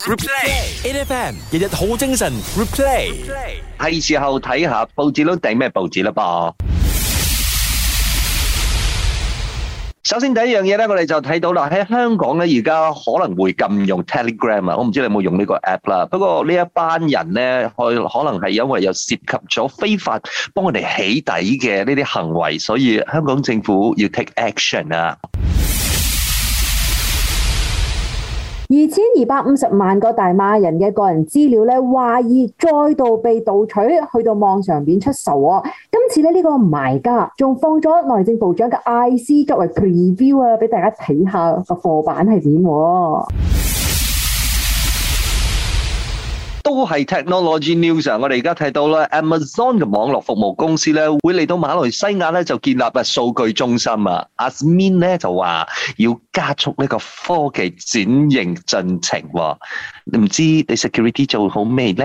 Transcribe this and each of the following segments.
Replay，A F M 日日好精神。Replay 係時候睇下報紙都定咩報紙啦噃。首先第一樣嘢咧，我哋就睇到啦，喺香港咧而家可能會禁用 Telegram 啊。我唔知你有冇用呢個 app 啦。不過呢一班人咧，佢可能係因為有涉及咗非法幫我哋起底嘅呢啲行為，所以香港政府要 take action 啊。二千二百五十萬個大馬人嘅個人資料咧，懷疑再度被盜取，去到網上邊出售。今次咧，呢個賣家仲放咗內政部長嘅 IC 作為 preview 啊，俾大家睇下個貨板係點。都係 technology news，啊，我哋而家睇到啦。Amazon 嘅網絡服務公司咧，會嚟到馬來西亞咧，就建立咗數據中心啊。Azmin 咧就話要加速呢個科技轉型進程，啊，你唔知你 security 做好未呢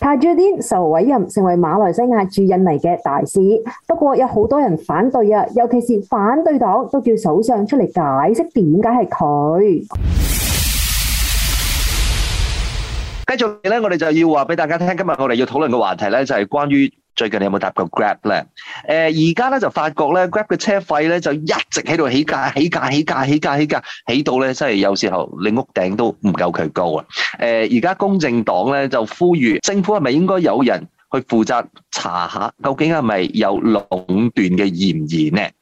？Tajuddin 受委任成為馬來西亞駐印尼嘅大使，不過有好多人反對啊，尤其是反對黨都叫首相出嚟解釋點解係佢。繼續咧，我哋就要話俾大家聽，今日我哋要討論嘅話題咧，就係關於最近你有冇搭過 Grab 咧？誒，而家咧就發覺咧，Grab 嘅車費咧就一直喺度起價，起價，起價，起價，起價，起到咧真係有時候你屋頂都唔夠佢高啊！誒，而家公正黨咧就呼籲政府係咪應該有人去負責查下，究竟係咪有壟斷嘅嫌疑咧？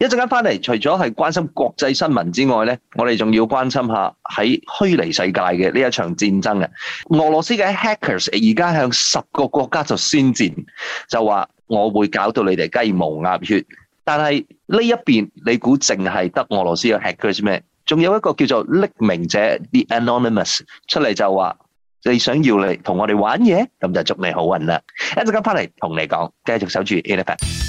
一陣間翻嚟，除咗係關心國際新聞之外咧，我哋仲要關心下喺虛擬世界嘅呢一場戰爭啊，俄羅斯嘅 hackers 而家向十個國家就宣戰，就話我會搞到你哋雞毛鴨血。但係呢一邊，你估淨係得俄羅斯嘅 hackers 咩？仲有一個叫做匿名者 （The Anonymous） 出嚟就話你想要你同我哋玩嘢，咁就祝你好運啦！一陣間翻嚟同你講，繼續守住 Elephant。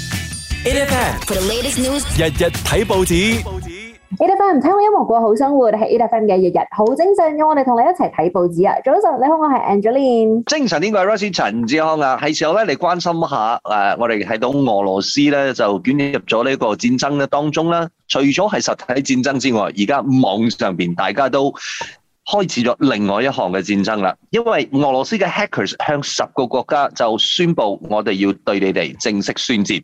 F M，日日睇報紙。F M 唔聽音樂過好生活，係 F 嘅日日好精神，我哋同你一齊睇報紙啊！早晨，你好，我係 Angeline。精神呢個係 Russi 陳志康啊，係時候咧，你關心一下誒，我哋睇到俄羅斯咧就捲入咗呢個戰爭嘅當中啦。除咗係實體戰爭之外，而家網上邊大家都開始咗另外一項嘅戰爭啦。因為俄羅斯嘅 Hackers 向十個國家就宣布，我哋要對你哋正式宣戰。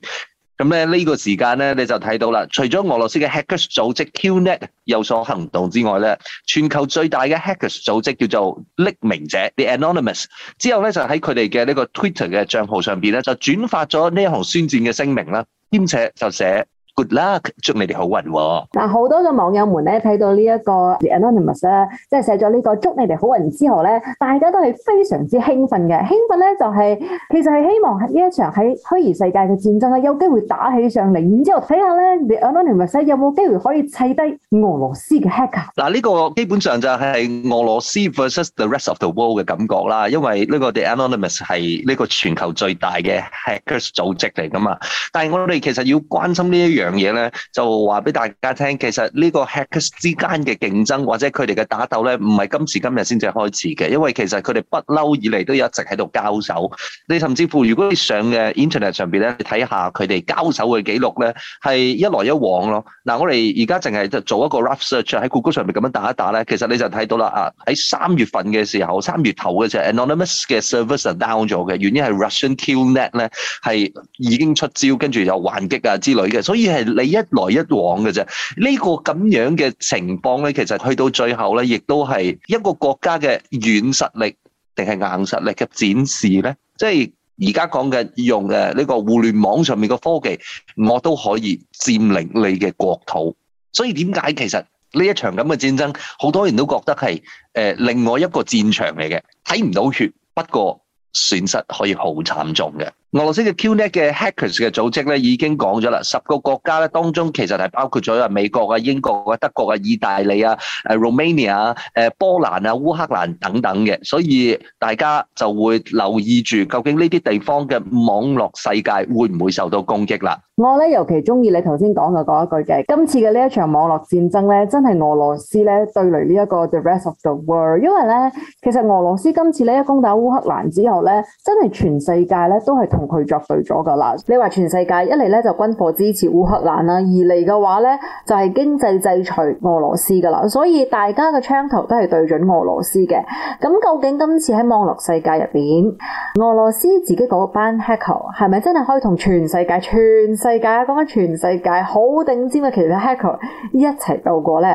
咁咧呢個時間咧，你就睇到啦。除咗俄羅斯嘅 hackers 組織 Qnet 有所行動之外咧，全球最大嘅 hackers 組織叫做匿名者 The Anonymous，之後咧就喺佢哋嘅呢個 Twitter 嘅帳號上邊咧，就轉發咗呢一行宣戰嘅聲明啦，兼且就寫。Good luck，祝你哋好運，哦。嗱，好多嘅網友們咧睇到呢一個、The、Anonymous 咧、啊，即係寫咗呢個祝你哋好運之後咧，大家都係非常之興奮嘅。興奮咧就係、是，其實係希望呢一場喺虛擬世界嘅戰爭咧，有機會打起上嚟，然之後睇下咧，Anonymous 有冇機會可以砌低俄羅斯嘅 hacker 嗱，呢、這個基本上就係俄羅斯 versus the rest of the world 嘅感覺啦。因為呢個 The Anonymous 係呢個全球最大嘅 hackers 組織嚟噶嘛。但係我哋其實要關心呢一樣。樣嘢咧就話俾大家聽，其實呢個 hackers 之間嘅競爭或者佢哋嘅打鬥咧，唔係今時今日先至開始嘅，因為其實佢哋不嬲以嚟都一直喺度交手。你甚至乎如果你上嘅 internet 上邊咧，你睇下佢哋交手嘅記錄咧，係一來一往咯。嗱、啊，我哋而家淨係就做一個 rough search 喺 Google 上面咁樣打一打咧，其實你就睇到啦啊！喺三月份嘅時候，三月頭嘅時候，Anonymous 嘅 service are down 咗嘅原因係 Russian Killnet 咧係已經出招，跟住又還擊啊之類嘅，所以。係你一來一往嘅啫，呢個咁樣嘅情況咧，其實去到最後咧，亦都係一個國家嘅軟實力定係硬實力嘅展示咧。即係而家講嘅用誒呢個互聯網上面嘅科技，我都可以佔領你嘅國土。所以點解其實呢一場咁嘅戰爭，好多人都覺得係誒另外一個戰場嚟嘅，睇唔到血，不過損失可以好慘重嘅。俄羅斯嘅 QNet 嘅 Hackers 嘅組織咧，已經講咗啦，十個國家咧，當中其實係包括咗啊美國啊、英國啊、德國啊、意大利啊、Romania、波蘭啊、烏克蘭等等嘅，所以大家就會留意住究竟呢啲地方嘅網絡世界會唔會受到攻擊啦。我咧尤其鍾意你頭先講嘅嗰一句嘅，今次嘅呢一場網絡戰爭咧，真係俄羅斯咧對嚟呢一個 the rest of the world，因為咧其實俄羅斯今次咧一攻打烏克蘭之後咧，真係全世界咧都係同。同佢作對咗噶啦，你話全世界一嚟咧就軍火支持烏克蘭啦，二嚟嘅話咧就係經濟制裁俄羅斯噶啦，所以大家嘅槍頭都係對準俄羅斯嘅。咁究竟今次喺網絡世界入邊，俄羅斯自己嗰班 hacker 係咪真係可以同全,全世界、全世界、講緊、那個全世界好頂尖嘅其他 hacker 一齊渡過呢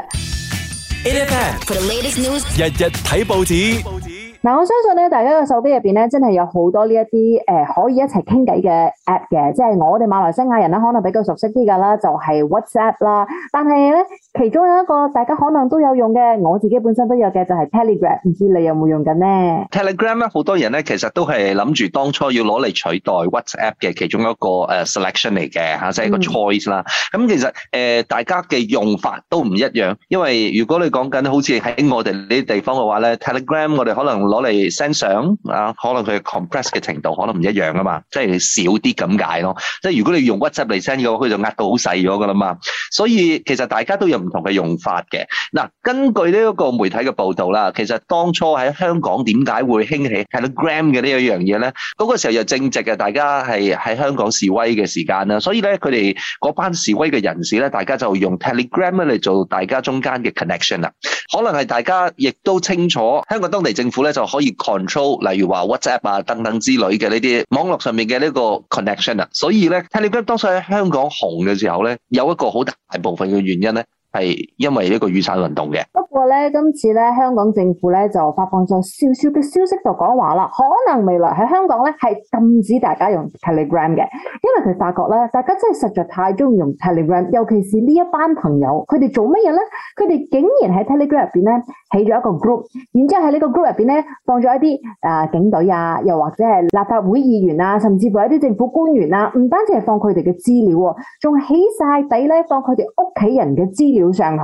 ？For the news. 日日睇報紙。報紙嗱，我相信咧，大家個手機入邊咧，真係有好多呢一啲誒，可以一齊傾偈嘅 app 嘅。即係我哋馬來西亞人可能比較熟悉啲噶啦，就係、是、WhatsApp 啦。但係咧，其中有一個大家可能都有用嘅，我自己本身都有嘅，就係、是、Telegram。唔知你有冇用緊呢？Telegram 咧，好多人咧，其實都係諗住當初要攞嚟取代 WhatsApp 嘅其中一個誒 selection 嚟嘅吓，即、嗯、係個 choice 啦。咁、嗯嗯、其實誒、呃，大家嘅用法都唔一樣，因為如果你講緊好似喺我哋呢啲地方嘅話咧，Telegram 我哋可能。攞嚟 send 相啊，可能佢 compress 嘅程度可能唔一樣啊嘛，即係少啲咁解咯。即係如果你用 WhatsApp 嚟 send 嘅話，佢就壓到好細咗噶啦嘛。所以其實大家都有唔同嘅用法嘅。嗱，啊，根據呢一個媒體嘅報道啦，其實當初喺香港點解會興起 Telegram 嘅呢一樣嘢咧？嗰、嗰個時候又正值嘅大家係喺香港示威嘅時間啦，所以咧佢哋班示威嘅人士咧，大家就用 Telegram 嚟做大家中間嘅 connection 啦。可能係大家亦都清楚香港當地政府咧就。就可以 control，例如話 WhatsApp 啊，等等之類嘅呢啲網絡上面嘅呢個 connection 啊，所以咧 Telegram 當時喺香港紅嘅時候咧，有一個好大部分嘅原因咧。係因為呢個雨傘運動嘅，不過咧今次咧香港政府咧就發放咗少少嘅消息，就講話啦，可能未來喺香港咧係禁止大家用 Telegram 嘅，因為佢發覺咧大家真係實在太中意用 Telegram，尤其是呢一班朋友，佢哋做乜嘢咧？佢哋竟然喺 Telegram 入邊咧起咗一個 group，然之後喺呢個 group 入邊咧放咗一啲誒、呃、警隊啊，又或者係立法會議員啊，甚至乎一啲政府官員啊，唔單止係放佢哋嘅資料，仲起晒底咧放佢哋屋企人嘅資料。上去，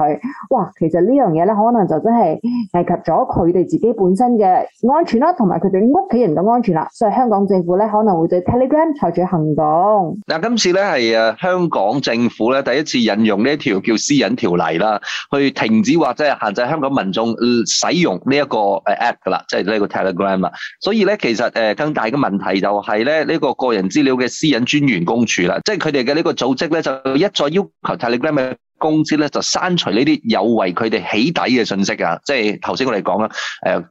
哇！其實呢樣嘢咧，可能就真係危及咗佢哋自己本身嘅安全啦，同埋佢哋屋企人嘅安全啦。所以香港政府咧可能會對 Telegram 採取行動。嗱，今次咧係誒香港政府咧第一次引用呢一條叫私隱條例啦，去停止或者限制香港民眾使用呢一個誒 App 噶啦，即係呢個 Telegram 啦。所以咧，其實誒更大嘅問題就係咧呢個個人資料嘅私隱專員公署啦，即係佢哋嘅呢個組織咧就一再要求 Telegram 嘅。公司咧就刪除呢啲有為佢哋起底嘅信息啊。即係頭先我哋講啦，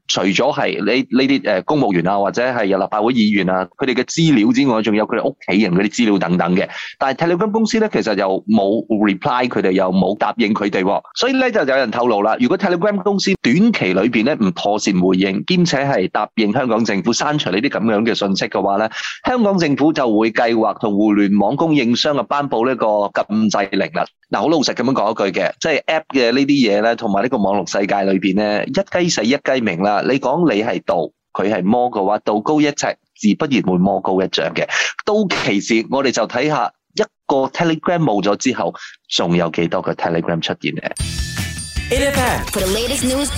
除咗係呢呢啲誒公務員啊，或者係有立法會議員啊，佢哋嘅資料之外，仲有佢哋屋企人嗰啲資料等等嘅。但係 Telegram 公司咧，其實又冇 reply 佢哋，又冇答應佢哋喎，所以咧就有人透露啦。如果 Telegram 公司短期裏面咧唔妥善回應，兼且係答應香港政府刪除呢啲咁樣嘅信息嘅話咧，香港政府就會計劃同互聯網供應商啊，頒佈呢個禁制令啦。嗱，好老實咁樣講一句嘅，即係 App 嘅呢啲嘢咧，同埋呢個網絡世界裏邊咧，一雞死一雞明啦。你講你係道，佢係魔嘅話，道高一尺，自不然會魔高一丈嘅。到其時，我哋就睇下一個 Telegram 冇咗之後，仲有幾多個 Telegram 出現嘅、呃。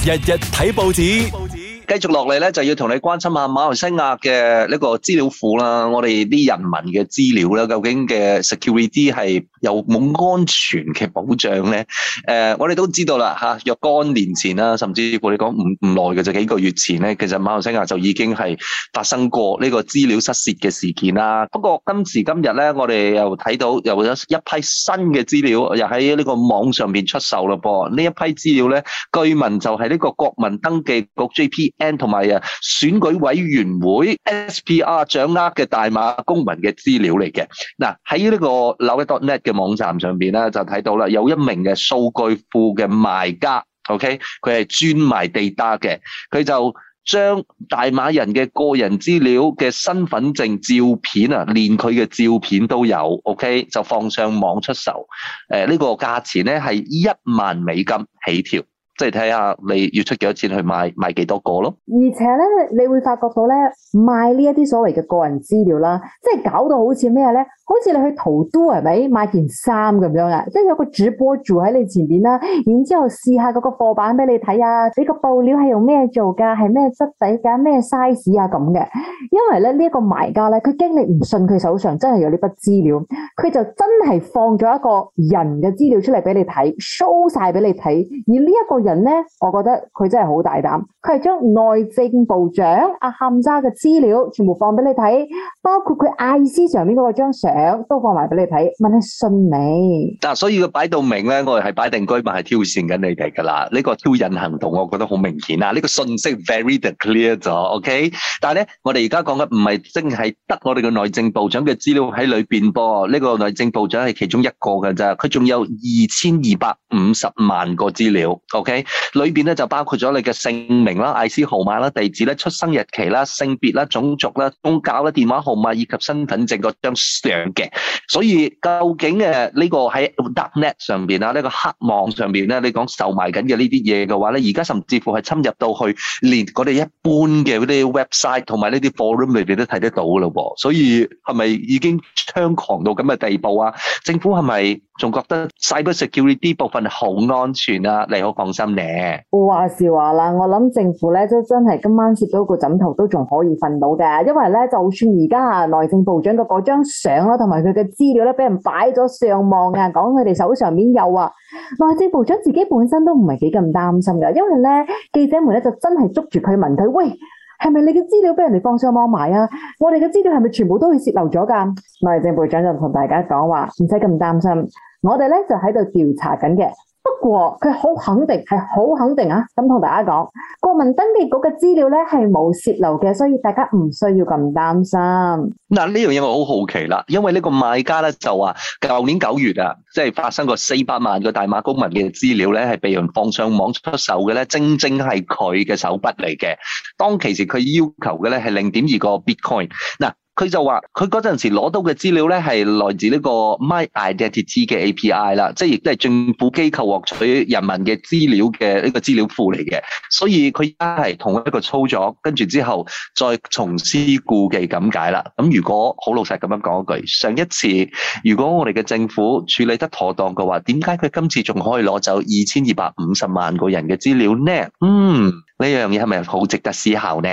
日日睇報紙，報紙繼續落嚟咧，就要同你關心下馬來西亞嘅呢個資料庫啦，我哋啲人民嘅資料啦究竟嘅 security 係？又有冇安全嘅保障咧？誒、呃，我哋都知道啦、啊、若干年前啦，甚至乎你講唔唔耐嘅就幾個月前咧，其實馬來西亞就已經係發生過呢個資料失竊嘅事件啦。不過今時今日咧，我哋又睇到又有一批新嘅資料，又喺呢個網上面出售嘞噃。呢一批資料咧，據聞就係呢個國民登記局 JPN 同埋啊選舉委員會 SPR 掌握嘅大馬公民嘅資料嚟嘅。嗱、啊，喺呢個紐約嘅網站上面咧就睇到啦，有一名嘅數據庫嘅賣家，OK，佢係專賣地達嘅，佢就將大馬人嘅個人資料嘅身份證照片啊，連佢嘅照片都有，OK，就放上網出售，誒呢個價錢咧係一萬美金起跳。即係睇下你要出幾多錢去買買幾多個咯。而且咧，你會發覺到咧，賣呢一啲所謂嘅個人資料啦，即係搞到好似咩咧？好似你去淘都係咪買件衫咁樣啊？即係有個主播住喺你前面啦，然之後試下嗰個貨辦俾你睇啊，你個布料係用咩做㗎？係咩質地㗎？咩 size 啊咁嘅。因為咧呢一、呢個賣家咧，佢驚你唔信佢手上真係有呢筆資料，佢就真係放咗一個人嘅資料出嚟俾你睇，show 晒俾你睇。而呢一個人。人咧，我覺得佢真係好大膽，佢係將內政部長阿冚渣嘅資料全部放俾你睇，包括佢 IC 上面嗰個張相都放埋俾你睇。問你信未？嗱，所以佢擺到明咧，我哋係擺定居，咪係挑戰緊你哋噶啦。呢個挑釁行動，我覺得好明顯啊。呢個信息 very clear 咗，OK。但係咧，我哋而家講嘅唔係淨係得我哋嘅內政部長嘅資料喺裏邊噃，呢個內政部長係其中一個嘅咋，佢仲有二千二百五十萬個資料，OK。裏邊咧就包括咗你嘅姓名啦、IC 號碼啦、地址啦、出生日期啦、性別啦、種族啦、宗教啦、電話號碼以及身份證個張相嘅。所以究竟誒呢個喺 Darknet 上邊啊，呢個黑網上邊咧，你講售賣緊嘅呢啲嘢嘅話咧，而家甚至乎係侵入到去連我哋一般嘅嗰啲 website 同埋呢啲 forum 裏邊都睇得到噶咯噃。所以係咪已經猖狂到咁嘅地步啊？政府係咪？仲覺得 cybersecurity 部分好安全啊，你好放心咧。話時話啦，我諗政府咧都真係今晚攝到個枕頭都仲可以瞓到嘅，因為咧就算而家啊內政部長嘅嗰張相啦，同埋佢嘅資料咧俾人擺咗上網啊，講佢哋手上面有啊。內政部長自己本身都唔係幾咁擔心㗎，因為咧記者們咧就真係捉住佢問佢，喂係咪你嘅資料俾人哋放上網賣啊？我哋嘅資料係咪全部都去洩漏咗㗎？內政部長就同大家講話，唔使咁擔心。我哋咧就喺度調查緊嘅，不過佢好肯定，係好肯定啊！咁同大家講，國民登記局嘅資料咧係冇洩漏嘅，所以大家唔需要咁擔心。嗱，呢樣嘢我好好奇啦，因為呢個賣家咧就話，舊年九月啊，即係發生過四百萬個大馬公民嘅資料咧係被人放上網出售嘅咧，正正係佢嘅手筆嚟嘅。當其時佢要求嘅咧係零點二個 bitcoin。嗱。佢就話：佢嗰陣時攞到嘅資料咧，係來自呢個 My Identity 嘅 API 啦，即係亦都係政府機構獲取人民嘅資料嘅呢個資料庫嚟嘅。所以佢而家係同一個操作，跟住之後再重施故技咁解啦。咁如果好老實咁樣講一句，上一次如果我哋嘅政府處理得妥當嘅話，點解佢今次仲可以攞走二千二百五十萬個人嘅資料咧？嗯。呢樣嘢係咪好值得思考呢？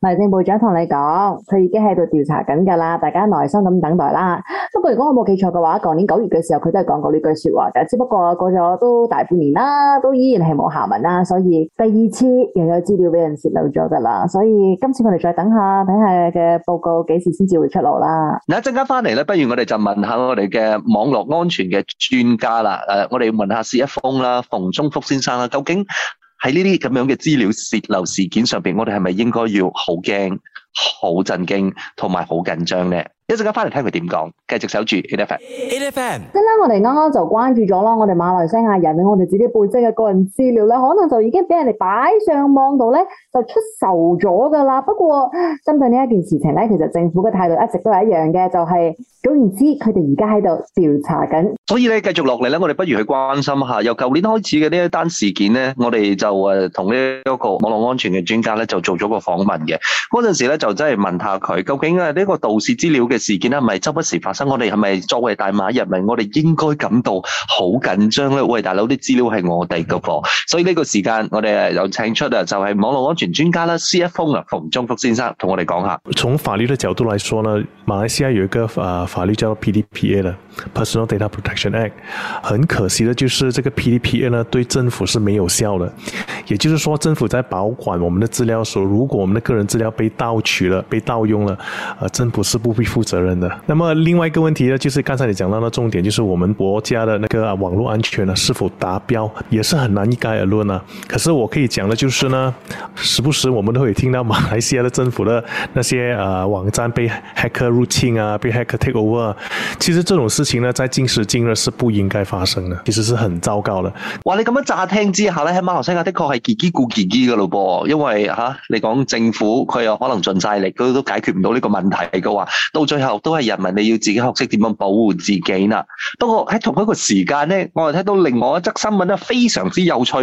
民政部長同你講，佢已經喺度調查緊噶啦，大家耐心咁等待啦。不過如果我冇記錯嘅話，上年九月嘅時候佢都係講過呢句說話，就只不過過咗都大半年啦，都依然係冇下文啦。所以第二次又有資料俾人泄露咗噶啦。所以今次我哋再等下，睇下嘅報告幾時先至會出爐啦。嗱，一陣間翻嚟咧，不如我哋就問下我哋嘅網絡安全嘅專家啦。誒、呃，我哋問下薛一峰啦，馮中福先生啦，究竟？喺呢啲咁樣嘅資料泄露事件上面，我哋係咪應該要好驚、好震驚同埋好緊張呢？一陣間翻嚟睇佢點講，繼續守住 N F M。N F M，即係咧，我哋啱啱就關注咗啦。我哋馬來西亞人，我哋自己本身嘅個人資料咧，可能就已經俾人哋擺上網度咧，就出售咗噶啦。不過針對呢一件事情咧，其實政府嘅態度一直都係一樣嘅，就係總言之，佢哋而家喺度調查緊。所以咧，繼續落嚟咧，我哋不如去關心下。由舊年開始嘅呢一單事件咧，我哋就誒同呢一個網絡安全嘅專家咧，就做咗個訪問嘅。嗰陣時咧，就真係問下佢，究竟係呢個盜竊資料嘅事件啦，係咪周不時發生？我哋係咪作為大馬人民，我哋應該感到好緊張咧？喂，大佬啲資料係我哋個噃，所以呢個時間我哋誒有請出啊，就係網絡安全專家啦，C.F. 馮啊馮忠福先生，同我哋講下。從法律的角度來說呢，馬來西亞有一個啊法律叫做 P.D.P.A. 的 Personal Data Protection Act，很可惜嘅就是，這個 P.D.P.A. 呢對政府是沒有效的。也就是說，政府在保管我們的資料的時候，如果我們的個人資料被盜取了、被盜用了，啊，政府是不必負責任的。那麼另外一個問題呢，就是剛才你講到的重點，就是我們國家的那個網絡安全呢，是否達標，也是很難一概而論呢，啊。可是我可以講的，就是呢，時不時我們都會聽到馬來西亞的政府的那些呃網站被黑客入侵啊，被黑客 take over，啊。其實這種事情呢，在今時今日是不應該發生的，其實是很糟糕的。哇，你咁樣乍聽之下呢，喺馬來西亞的確係自己顧自己噶咯噃，因為吓，你講政府佢有可能盡晒力，佢都解決唔到呢個問題嘅話，到最後都係人民，你要自己學識點樣保護自己啦。不過喺同一個時間咧，我哋睇到另外一則新聞咧，非常之有趣。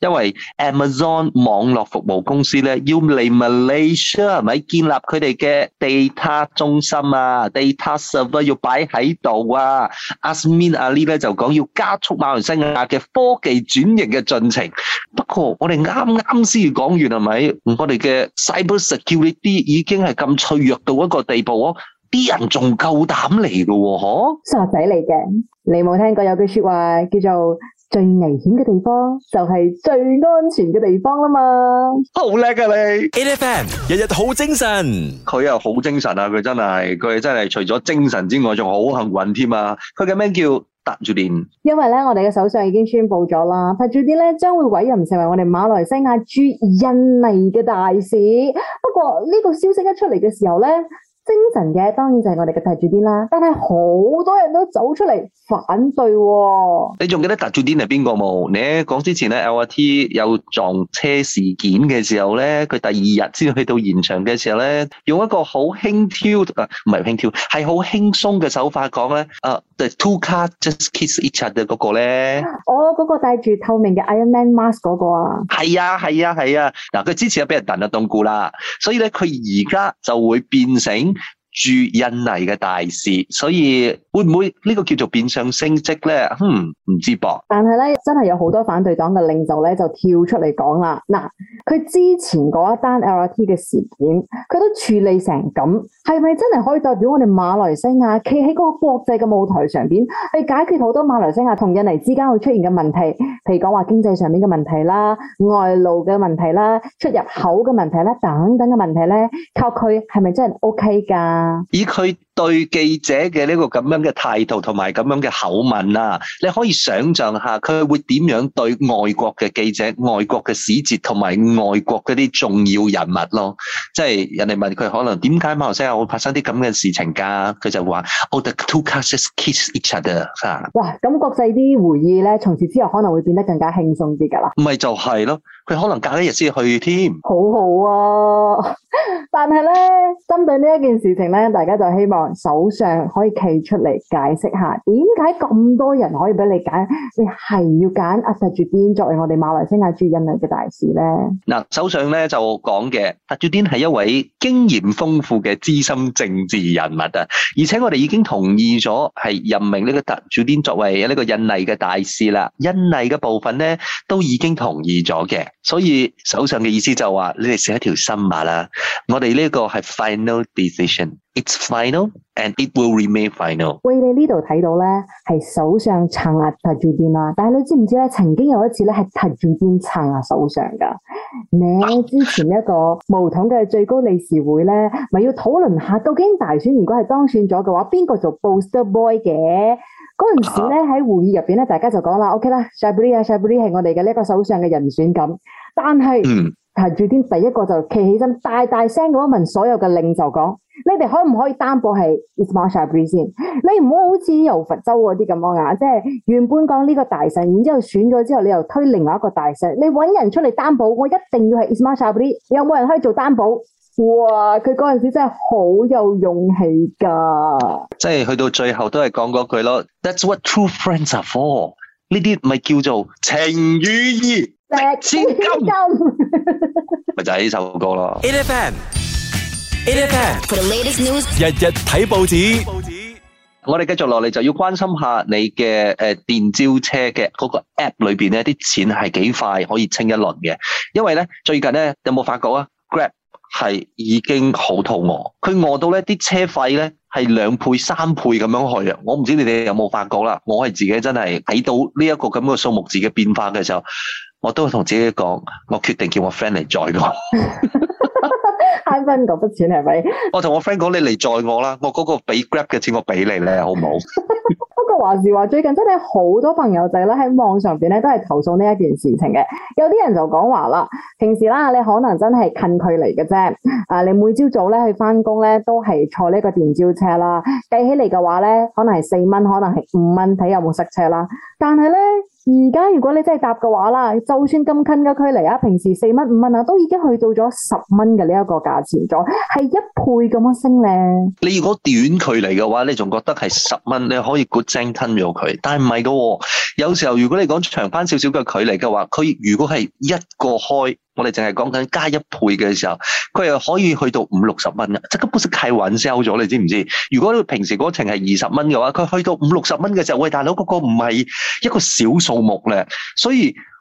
因為 Amazon 網絡服務公司咧要嚟 Malaysia 係咪建立佢哋嘅 data 中心啊，data server 要擺喺度啊。Azmin Ali 咧就講要加速馬來西亞嘅科技轉型嘅進程。不過我哋啱啱先講完係咪？我哋嘅 Cybersecurity 已經係咁脆弱到一個地步哦。啲人仲夠膽嚟咯，吓傻仔嚟嘅。你冇聽過有句說話叫做最危險嘅地方就係最安全嘅地方啦嘛？好叻啊！你 A F M 日日好精神，佢又好精神啊！佢真係佢真係除咗精神之外，仲好幸運添啊！佢嘅名叫達住甸，因為咧，我哋嘅首相已經宣布咗啦，達住甸咧將會委任成為我哋馬來西亞駐印尼嘅大使。不過呢個消息一出嚟嘅時候咧。精神嘅，當然就係我哋嘅特柱啲啦。但係好多人都走出嚟反對喎、哦。你仲記得特柱啲係邊個冇？你講之前咧，LRT 有撞車事件嘅時候咧，佢第二日先去到現場嘅時候咧，用一個好輕佻啊，唔係輕佻，係好輕鬆嘅手法講咧，啊，the two cars just kiss each other 嗰個咧，我、哦、嗰、那個戴住透明嘅 iron man mask 嗰個啊，係啊，係啊，係啊，嗱、啊，佢之前啊俾人掟得冬菇啦，所以咧佢而家就會變成，住印尼嘅大事，所以會唔會呢個叫做變相升職咧？哼、嗯，唔知噃。但係咧，真係有好多反對黨嘅領袖咧，就跳出嚟講啦。嗱，佢之前嗰一單 LRT 嘅事件，佢都處理成咁，係咪真係可以代表我哋馬來西亞企喺個國際嘅舞台上邊，去解決好多馬來西亞同印尼之間會出現嘅問題，譬如講話經濟上面嘅問題啦、外勞嘅問題啦、出入口嘅問題啦、等等嘅問題咧，靠佢係咪真係 OK 㗎？也可以。對記者嘅呢個咁樣嘅態度同埋咁樣嘅口吻啊，你可以想象一下佢會點樣對外國嘅記者、外國嘅使節同埋外國嗰啲重要人物咯。即係人哋問佢，可能點解馬來西亞會發生啲咁嘅事情㗎？佢就話：the two cases kiss each other。嚇！哇！咁國際啲回憶咧，從此之後可能會變得更加輕鬆啲㗎啦。咪 就係、是、咯，佢可能隔一日先去添。好好啊！但係咧，針對呢一件事情咧，大家就希望，首相可以企出嚟解釋下點解咁多人可以俾你揀，你係要揀阿達朱丁作為我哋馬來西亞駐印尼嘅大使咧？嗱，首相咧就講嘅達朱丁係一位經驗豐富嘅資深政治人物啊，而且我哋已經同意咗係任命呢個達朱丁作為呢個印尼嘅大使啦。印尼嘅部分咧都已經同意咗嘅，所以首相嘅意思就話你哋寫一條新聞啦。我哋呢個係 final decision。It's final, and it will remain final。喂，你呢度睇到咧，係首相撐阿譚耀天啦。但係你知唔知咧，曾經有一次咧，啊，係譚耀天撐阿首相噶你之前一個巫統嘅最高理事會咧，咪要討論下，究竟大選如果係當選咗嘅話，邊個做 Booster Boy 嘅？嗰陣時咧，喺會議入邊咧，大家就講啦，OK 啦，Shabri 啊，Shabri 係我哋嘅呢一個首相嘅人選咁。但係，嗯。係朱天第一個就企起身大大聲咁問所有嘅領袖就講：你哋可唔可以擔保係 Ismail Sabri 先？你唔好好似柔佛州嗰啲咁樣啊！即係原本講呢個大臣，然之後選咗之後，你又推另外一個大臣。你搵人出嚟擔保，我一定要係 Ismail Sabri。有冇人可以做擔保？哇！佢嗰陣時真係好有勇氣噶。即係去到最後都係講嗰句咯。That's what true friends are for。呢啲咪叫做情與義？白千金咪 就係呢首歌咯。Elephant，Elephant，日日睇報紙，報紙。我哋繼續落嚟就要關心下你嘅，誒電召車嘅嗰個 App 裏邊咧，啲錢係幾快可以清一輪嘅？因為咧最近咧有冇發覺啊？係已經好肚餓，佢餓到咧啲車費咧係兩倍、三倍咁樣去啊！我唔知你哋有冇發覺啦，我係自己真係睇到呢一個咁嘅數目字嘅變化嘅時候，我都同自己講，我決定叫我 friend 嚟載我。 慳翻嗰筆錢係咪？我同我 friend 講你嚟載我啦，我嗰個俾 Grab 嘅錢我俾你咧，好唔好？ 不過話時話最近真係好多朋友仔呢喺網上面咧都係投訴呢一件事情嘅，有啲人就講話啦，平時啦你可能真係近距離嘅啫，啊你每朝早咧去翻工咧都係坐呢個電召車啦，計起嚟嘅話咧可能係四蚊，可能係五蚊，睇有冇塞車啦，但係咧。而家如果你真係搭嘅話啦，就算咁近嘅距離啊，平時四蚊五蚊啊，都已經去到咗十蚊嘅呢一個價錢咗，係一倍咁樣升咧。你如果短距離嘅話，你仲覺得係十蚊，你可以 good 吞咗佢，但係唔係㗎喎。有時候如果你講長翻少少嘅距離嘅話，佢如果係一個開。我哋淨係講緊加一倍嘅時候，佢又可以去到五六十蚊，即係根本係契玩 sell 咗，你知唔知？如果平時嗰程係二十蚊嘅話，佢去到五六十蚊嘅時候，喂大佬，嗰、嗰個唔係一個小數目咧，所以。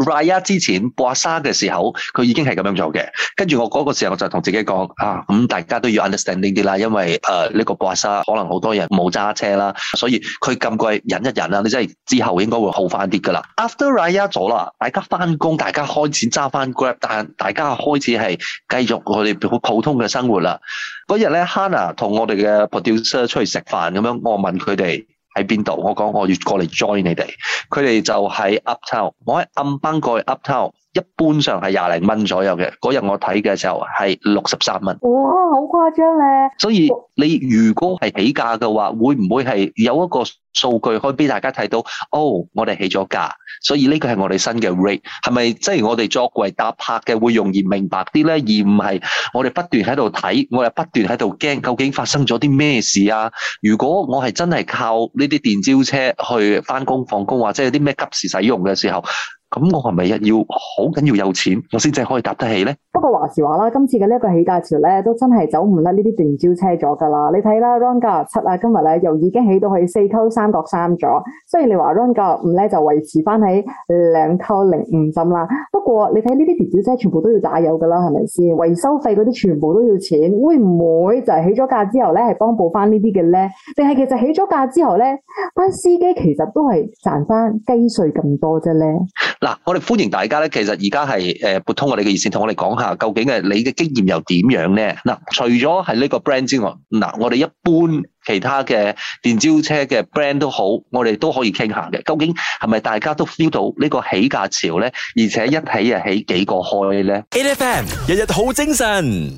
Raya 之前，刮沙嘅時候，佢已經係咁樣做嘅。跟住我嗰個時候，我就同自己講：啊，咁、嗯、大家都要 understanding 啲啦，因為誒呢、呃這個刮沙可能好多人冇揸車啦，所以佢咁貴，忍一忍啦。你真係之後應該會好翻啲㗎啦。After Raya 咗啦，大家返工，大家開始揸翻 grab，但大家開始係繼續我哋普普通嘅生活啦。嗰日咧，Hannah 同我哋嘅 producer 出去食飯咁樣，我問佢哋。喺邊度？我講我要過嚟 join 你哋，佢哋就喺 uptown，我喺暗 ban 過去 uptown。一般上係廿零蚊左右嘅，嗰日我睇嘅時候係六十三蚊。哇，好誇張咧！所以你如果係起價嘅話，會唔會係有一個數據可以俾大家睇到？哦，我哋起咗價，所以呢個係我哋新嘅 rate，係咪即係我哋作為搭客嘅會容易明白啲咧？而唔係我哋不斷喺度睇，我哋不斷喺度驚，究竟發生咗啲咩事啊？如果我係真係靠呢啲電召車去返工放工，或者有啲咩急時使用嘅時候。咁我係咪一要好緊要有錢，我先至可以搭得起呢？不過話時話啦，今次嘅呢一個起價潮咧，都真係走唔甩呢啲電召車咗㗎啦。你睇啦 RON 九十七啊，今日咧又已經起到去四溝三角三咗。雖然你話 RON 九十五咧就維持翻喺兩溝零五針啦，不過你睇呢啲電召車全部都要打油㗎啦，係咪先？維修費嗰啲全部都要錢，會唔會就係起咗價之後咧係幫補翻呢啲嘅咧？定係其實起咗價之後咧，班司機其實都係賺翻雞碎咁多啫咧？嗱，我哋歡迎大家咧，其實而家係誒撥通我哋嘅熱線，同我哋講下。啊，究竟係你嘅經驗又點樣咧？嗱、啊，除咗係呢個 brand 之外，嗱、啊，我哋一般。其他嘅電召車嘅 brand 都好，我哋都可以傾下嘅。究竟係咪大家都 feel 到呢個起價潮咧？而且一起啊起幾個開咧？A F M 日日好精神。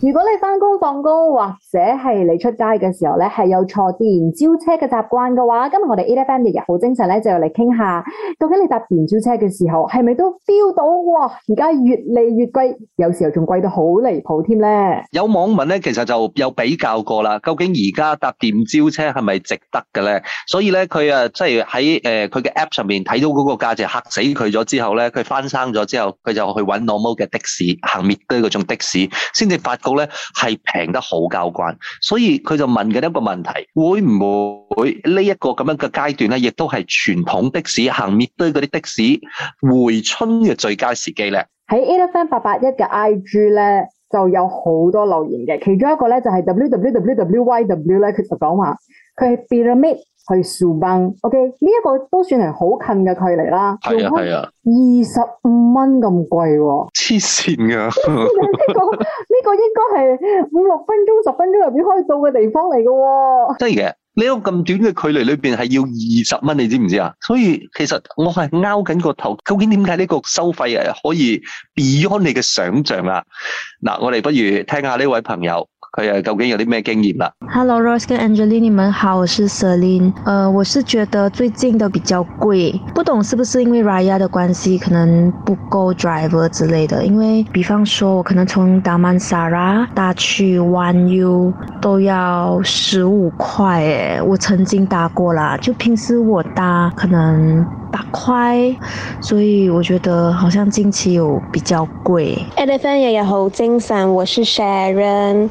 如果你翻工放工或者係你出街嘅時候咧，係有坐電召車嘅習慣嘅話，今日我哋 A F M 日日好精神咧，就嚟傾下，究竟你搭電召車嘅時候係咪都 feel 到哇？而家越嚟越貴，有時候仲貴到好離譜添咧。有網民咧，其實就有比較過啦。究竟而家搭電飆車係咪值得嘅咧？所以咧，佢啊，即係喺誒佢嘅 App 上面睇到嗰個價值嚇死佢咗之後咧，佢翻生咗之後，佢就去搵 normal 嘅的，的士行滅堆嗰種的士，先至發覺咧係平得好交關。所以佢就問緊一個問題：會唔會呢一個咁樣嘅階段咧，亦都係傳統的士行滅堆嗰啲的士回春嘅最佳時機咧？喺 Eleven 八八一嘅 IG 咧。就有好多留言嘅，其中一個咧就係 w w w y w 咧，佢就講話佢係 Pyramid 去 Subang，OK 呢一個都算係好近嘅距離啦，係啊係啊，啊，啊， 二十五蚊咁貴，黐線噶，呢個呢個應該係五六分鐘、十分鐘入邊可以到嘅地方嚟嘅，真嘅。你有咁短嘅距離裏面係要二十蚊，你知唔知啊？所以其實我係拗緊個頭，究竟點解呢個收費可以避 e 你嘅想象啊？嗱，我哋不如聽下呢位朋友。佢係究竟有啲咩經驗啦？Hello，Rose 跟 Angeline，你們好，我是 Celine。呃，uh, 我是覺得最近都比較貴，不懂是不是因為 Raya 的關係，可能不夠 driver 之類的。因為比方說我可能從 Damansara 搭去 One U 都要十五塊誒，我曾經搭過啦，就平時我搭可能。八塊，所以我覺得好像近期有比較貴。Elephant 也有好精神，我是 Sharon。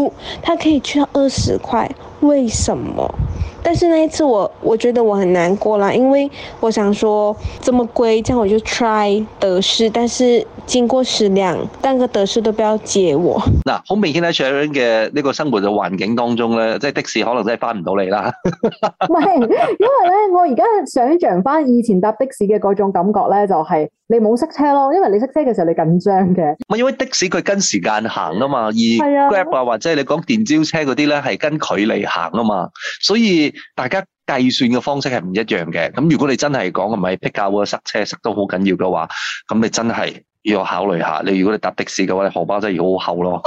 他可以去到二十塊，為什麼？但是那一次我我覺得我很難過了，因為我想說，這麼貴，這樣我就 try 德士，但是經過十兩，但個德士都不要接我。嗱 好、嗯、明顯喺上 h 嘅呢個生活嘅環境當中咧，即、就、係、是、的士可能真係翻唔到你啦。唔係，因為咧，我而家想象翻以前搭的士嘅嗰種感覺咧，就係、是。你冇塞車咯，因為你塞車嘅時候你緊張嘅。唔係，因為的士佢跟時間行啊嘛，而 Grab 啊或者你講電召車嗰啲咧係跟距離行啊嘛，所以大家計算嘅方式係唔一樣嘅。咁如果你真係講係咪比較會塞車塞到好緊要嘅話，咁你真係要考慮一下。你如果你搭的士嘅話，荷包真係要好好厚咯。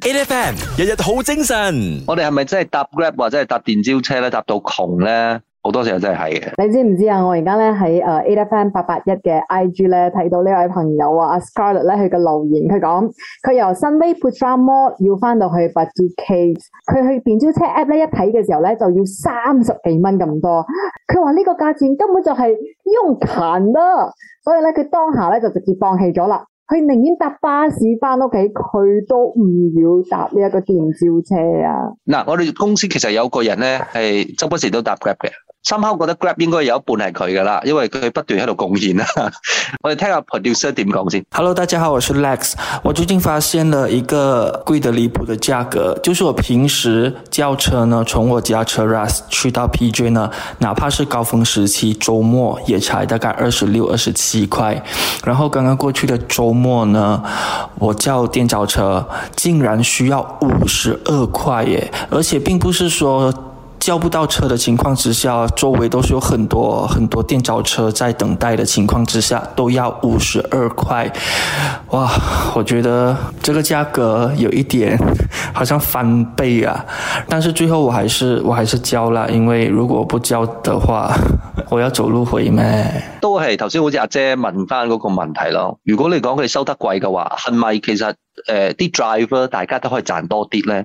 8FM 日日好精神，我哋係咪真係搭 Grab 或者係搭電召車咧？搭到窮咧？好多時候真係係嘅。你知唔知啊？我而家咧喺誒 Ai FM 八八一嘅 I G 咧睇到呢位朋友啊，阿 Scarlet 咧，佢嘅留言，佢講佢由新威撥三摩要翻到去八蕉 K，佢去電召車 app 咧一睇嘅時候咧就要三十幾蚊咁多。佢話呢個價錢根本就係用殘啦，所以咧佢當下咧就直接放棄咗啦。佢寧願搭巴士翻屋企，佢都唔要搭呢一個電召車啊。嗱，我哋公司其實有個人咧係周不時都搭 grab 嘅。三炮覺得 Grab 應該有一半係佢噶啦，因為佢不斷喺度貢獻啦。 我哋聽下 producer 點講先。Hello，大家好，我是 Lex。我最近發現了一個貴得離譜的價格，就是我平時叫車呢，從我家 Cheras 去到 PJ 呢，哪怕是高峰時期、週末，也才大概二十六、二十七塊。然後剛剛過去的週末呢，我叫電召車，竟然需要五十二塊耶！而且並不是說叫不到車的情況之下，周圍都是有很多很多電召車在等待的情況之下，都要五十二塊，哇！我覺得這個價格有一點，好像翻倍啊！但是最後我還是我還是交啦，因為如果不交的話，我要走路回咩？都係頭先好似阿姐問翻嗰個問題咯。如果你講佢收得貴嘅話，係咪其實誒啲 driver 大家都可以賺多啲呢？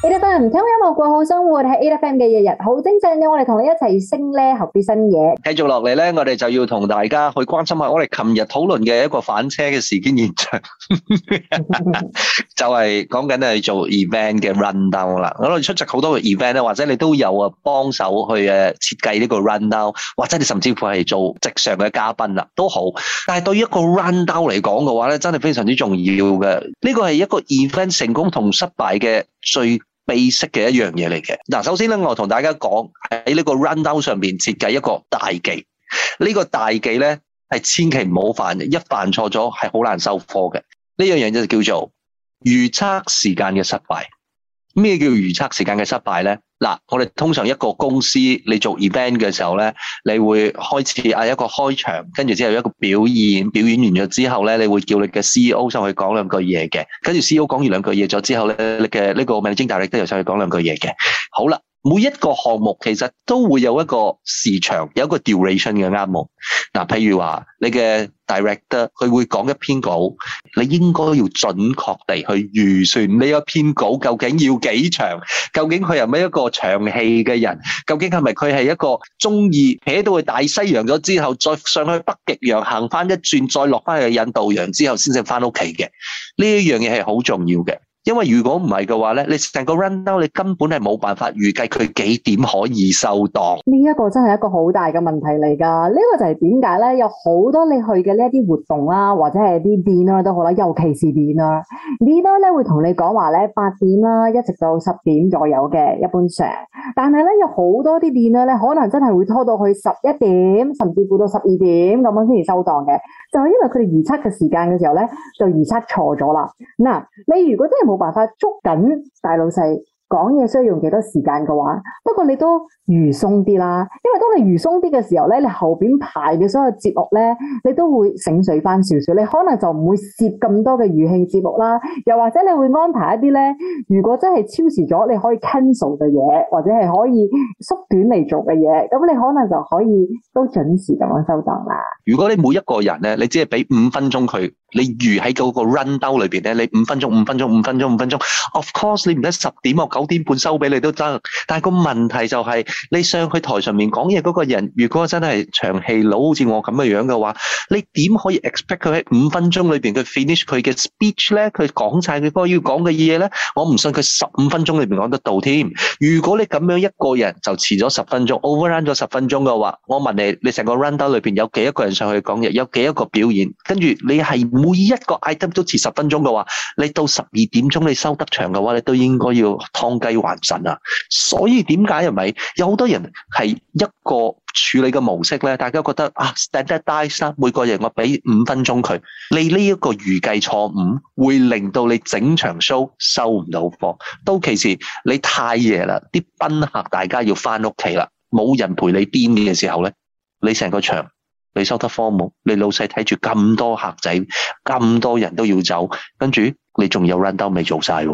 A.F.M. 唔聽音樂過好生活，係 A.F.M. 嘅日日好精神嘅我哋同你一齊升咧，學啲新嘢。繼續落嚟咧，我哋就要同大家去關心下我哋琴日討論嘅一個反車嘅事件現象， 就係講緊係做 event 嘅 run down 啦。我哋出席好多 event 咧，或者你都有啊幫手去誒設計呢個 run down，或者你甚至乎係做直上嘅嘉賓啦，都好。但係對於一個 run down 嚟講嘅話咧，真係非常之重要嘅。呢個係一個 event 成功同失敗嘅。最秘式嘅一樣嘢嚟嘅。嗱，首先咧，我同大家講喺呢個 run down 上面設計一個大忌。呢個大忌咧，係千祈唔好犯，一犯錯咗係好難收科嘅。呢樣嘢就叫做預測時間嘅失敗。咩叫預測時間嘅失敗咧？嗱，我哋通常一個公司你做 event 嘅時候咧，你會開始啊一個開場，跟住之後一個表演，表演完咗之後咧，你會叫你嘅 CEO 上去講兩句嘢嘅，跟住 CEO 講完兩句嘢咗之後咧，你嘅呢個 marketing 大力都有上去講兩句嘢嘅。好啦，每一個項目其實都會有一個時長，有一個 duration 嘅，啱冇？嗱，譬如話你嘅 director 佢會講一篇稿，你應該要準確地去預算呢一篇稿究竟要幾長，究竟佢係咪一個長氣嘅人，究竟係咪佢係一個中意企到去大西洋咗之後再上去北極洋行翻一轉再落翻去印度洋之後先至翻屋企嘅，呢一樣嘢係好重要嘅。因為如果唔係嘅話咧，你成個 run down 你根本係冇辦法預計佢幾點可以收檔。呢、這個、一個真係一個好大嘅問題嚟㗎。呢、這個就係點解咧？有好多你去嘅呢一啲活動啦、啊，或者係啲店啦都好啦，尤其是店啦，呢啦咧會同你講話咧八點啦、啊，一直到十點左右嘅，一般成。但係咧有好多啲店啦咧，可能真係會拖到去十一點，甚至乎到十二點咁樣先至收檔嘅。就係因為佢哋預測嘅時間嘅時候咧，就預測錯咗啦。嗱，你如果真係冇。辦法捉緊大老細講嘢，需要用幾多時間嘅話，不過你都緩鬆啲啦，因為當你緩鬆啲嘅時候咧，你後邊排嘅所有節目咧，你都會醒水返少少。你可能就唔會涉咁多嘅語氣節目啦，又或者你會安排一啲咧，如果真係超時咗，你可以 cancel 嘅嘢，或者係可以縮短嚟做嘅嘢，咁你可能就可以都準時咁樣收檔啦。如果你每一個人咧，你只係俾五分鐘佢。你如喺嗰個 run down 裏邊咧，你五分鐘、五分鐘、五分鐘、五分鐘，of course 你唔得十點，我九點半收俾你都得。但係個問題就係、是，你上去台上面講嘢嗰個人，如果真係長氣佬，好似我咁嘅樣嘅話，你點可以 expect 佢喺五分鐘裏邊佢 finish 佢嘅 speech 咧？佢講晒佢個要講嘅嘢咧？我唔信佢十五分鐘裏邊講得到添。如果你咁樣一個人就遲咗十分鐘，overrun 咗十分鐘嘅話，我問你，你成個 run down 裏邊有幾多個人上去講嘢？有幾多個表演？跟住你係？每一個 item 都遲十分鐘嘅話，你到十二點鐘你收得場嘅話，你都應該要劏雞還神啊！所以點解又咪有好多人係一個處理嘅模式咧？大家覺得啊，standardise 啦，每個人我俾五分鐘佢，你呢一個預計錯誤會令到你整場 show 收唔到貨。到其次，你太夜啦，啲賓客大家要翻屋企啦，冇人陪你癲嘅時候咧，你成個場。你收得科目，你老細睇住咁多客仔，咁多人都要走，跟住你仲有 round down 未做晒，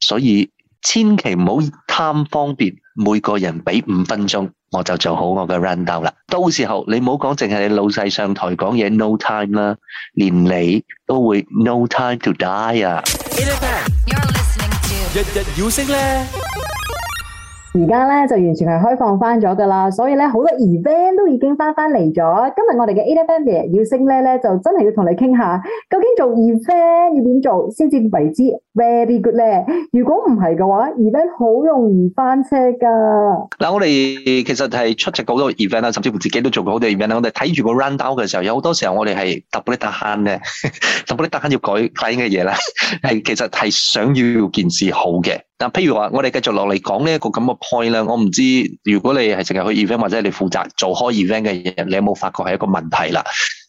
所以千祈唔好貪方便，每個人俾五分鐘，我就做好我嘅 round down 啦。到時候你唔好講淨係你老細上台講嘢，no time 啦，連你都會 no time to die 啊！Japan, you. 日日要而家咧就完全係開放翻咗噶啦，所以咧好多 event 都已經翻翻嚟咗。今日我哋嘅 A. W. M. Day 要升咧咧，就真係要同你傾下，究竟做 event 要點做先至為之 very good 咧？如果唔係嘅話，event 好容易翻車噶。嗱，我哋其實係出席過好多 event 啦，甚至乎自己都做過好多 event 啦。我哋睇住個 run down 嘅時候，有好多時候我哋係 double 啲 double 啲要改翻嘅嘢咧，係 其實係想要件事好嘅。但譬如話我哋繼續落嚟講呢一個咁嘅 point 啦，我唔知如果你係成日去 event 或者你負責做開 event 嘅人，你有冇發覺係一個問題啦？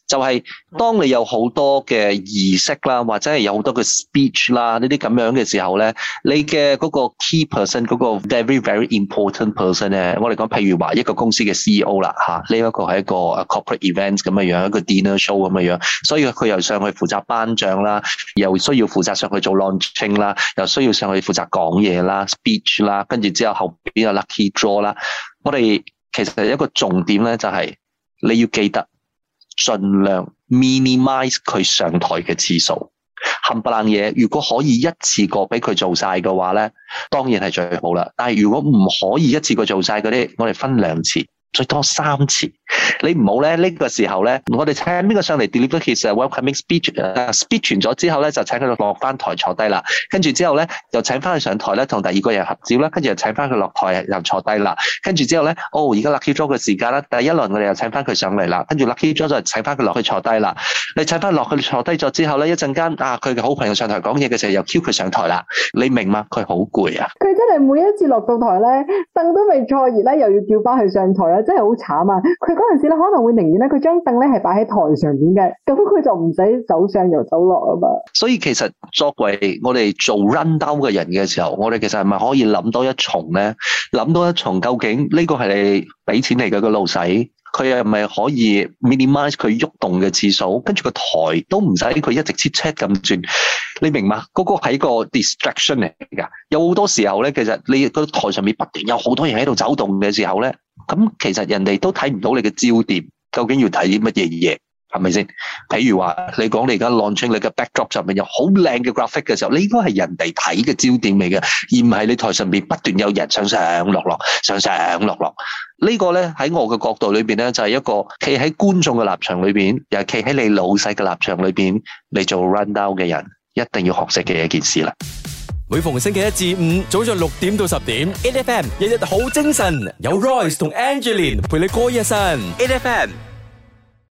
就係當你有好多嘅儀式啦，或者係有好多嘅 speech 啦，呢啲咁樣嘅時候咧，你嘅嗰個 key person，嗰個 very very important person 咧，我哋講，譬如話一個公司嘅 CEO 啦，嚇，呢一個係一個 corporate event 咁嘅樣，一個 dinner show 咁嘅樣，所以佢又上去負責頒獎啦，又需要負責上去做 launching 啦，又需要上去負責講嘢啦，speech 啦，跟住之後後邊有 lucky draw 啦，我哋其實一個重點咧，就係你要記得。盡量 minimize 佢上台嘅次數，冚唪唥嘢，如果可以一次過畀佢做晒嘅話咧，當然係最好啦。但係如果唔可以一次過做晒嗰啲，我哋分兩次。最多三次，你唔好咧，呢個時候咧，我哋請邊個上嚟 deliver his welcoming speech，speech speech 完咗之後咧，就請佢落翻台坐低啦。跟住之後咧，又請翻佢上台咧，同第二個人合照啦。跟住又請翻佢落台又坐低啦。跟住之後咧，哦，而家 lucky draw 嘅時間啦，第一輪我哋又請翻佢上嚟啦。跟住 lucky draw 就請翻佢落去坐低啦。你請翻落去坐低咗之後咧，一陣間啊，佢嘅好朋友上台講嘢嘅時候又 cue 佢上台啦。你明嗎？佢好攰啊！佢真係每一次落到台咧，凳都未坐熱咧，又要叫翻佢上台啦。真係好慘啊！佢嗰陣時咧，可能會寧願咧，佢張凳咧係擺喺台上面嘅，咁佢就唔使走上又走落啊嘛。所以其實作為我哋做 run down 嘅人嘅時候，我哋其實係咪可以諗多一重咧？諗多一重，究竟呢個係你俾錢嚟嘅個老細，佢係咪可以 minimize 佢喐動嘅次數，跟住個台都唔使佢一直切車咁轉？你明嘛？嗰個係個 distraction 嚟㗎。有好多時候咧，其實你個台上面不斷有好多人喺度走動嘅時候咧，咁其實人哋都睇唔到你嘅焦點究竟要睇啲乜嘢嘢，係咪先？譬如話你講你而家 launching 你嘅 backdrop 上面有好靚嘅 graphic 嘅時候，你應該係人哋睇嘅焦點嚟嘅，而唔係你台上面不斷有人上上落落上上落落。呢個咧喺我嘅角度裏邊咧，就係一個企喺觀眾嘅立場裏邊，又係企喺你老細嘅立場裏邊嚟做 run down 嘅人。一定要學識嘅一件事啦，每逢星期一至五，早上六點到十點，A F M，日日好精神，有 Royce 同 Angeline 陪你過夜神，A F M。